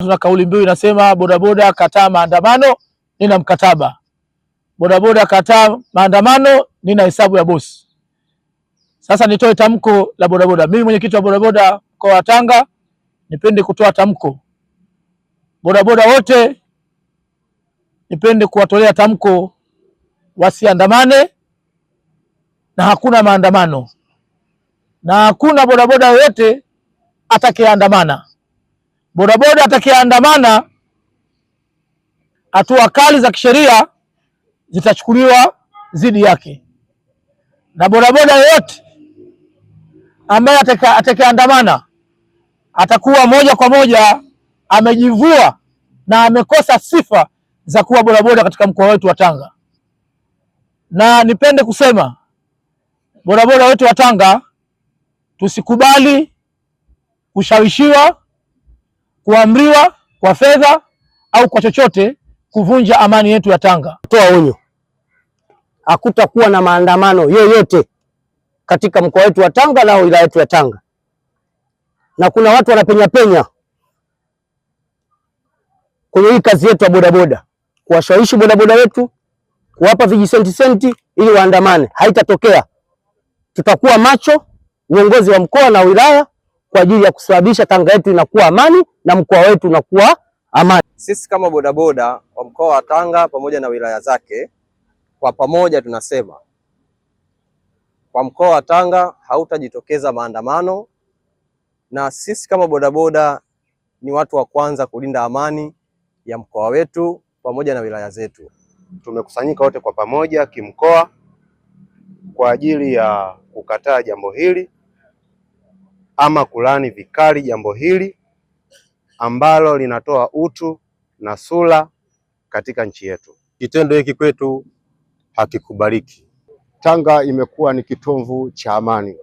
Tuna kauli mbiu inasema bodaboda kataa maandamano, nina mkataba. Bodaboda kataa maandamano, nina hesabu ya bosi. Sasa nitoe tamko la bodaboda. Mimi mwenyekiti wa bodaboda mkoa wa Tanga, nipende kutoa tamko bodaboda wote, nipende kuwatolea tamko wasiandamane, na hakuna maandamano, na hakuna bodaboda yoyote atakayeandamana bodaboda atakayeandamana, hatua kali za kisheria zitachukuliwa dhidi yake, na bodaboda yoyote ambaye atakayeandamana atakuwa moja kwa moja amejivua na amekosa sifa za kuwa bodaboda katika mkoa wetu wa Tanga. Na nipende kusema bodaboda wetu wa Tanga, tusikubali kushawishiwa kuamriwa kwa fedha au kwa chochote kuvunja amani yetu ya Tanga. Toa onyo, hakutakuwa na maandamano yoyote katika mkoa wetu wa Tanga na wilaya yetu ya Tanga, na kuna watu wanapenya penya kwenye hii kazi yetu ya bodaboda, kuwashawishi bodaboda wetu, kuwapa vijisenti senti ili waandamane. Haitatokea, tutakuwa macho, uongozi wa mkoa na wilaya kwa ajili ya kusababisha Tanga yetu inakuwa amani na mkoa wetu unakuwa amani. Sisi kama bodaboda wa mkoa wa Tanga pamoja na wilaya zake, kwa pamoja tunasema kwa mkoa wa Tanga hautajitokeza maandamano, na sisi kama bodaboda ni watu wa kwanza kulinda amani ya mkoa wetu pamoja na wilaya zetu. Tumekusanyika wote kwa pamoja kimkoa kwa ajili ya kukataa jambo hili ama kulani vikali jambo hili ambalo linatoa utu na sura katika nchi yetu. Kitendo hiki kwetu hakikubaliki. Tanga imekuwa ni kitovu cha amani.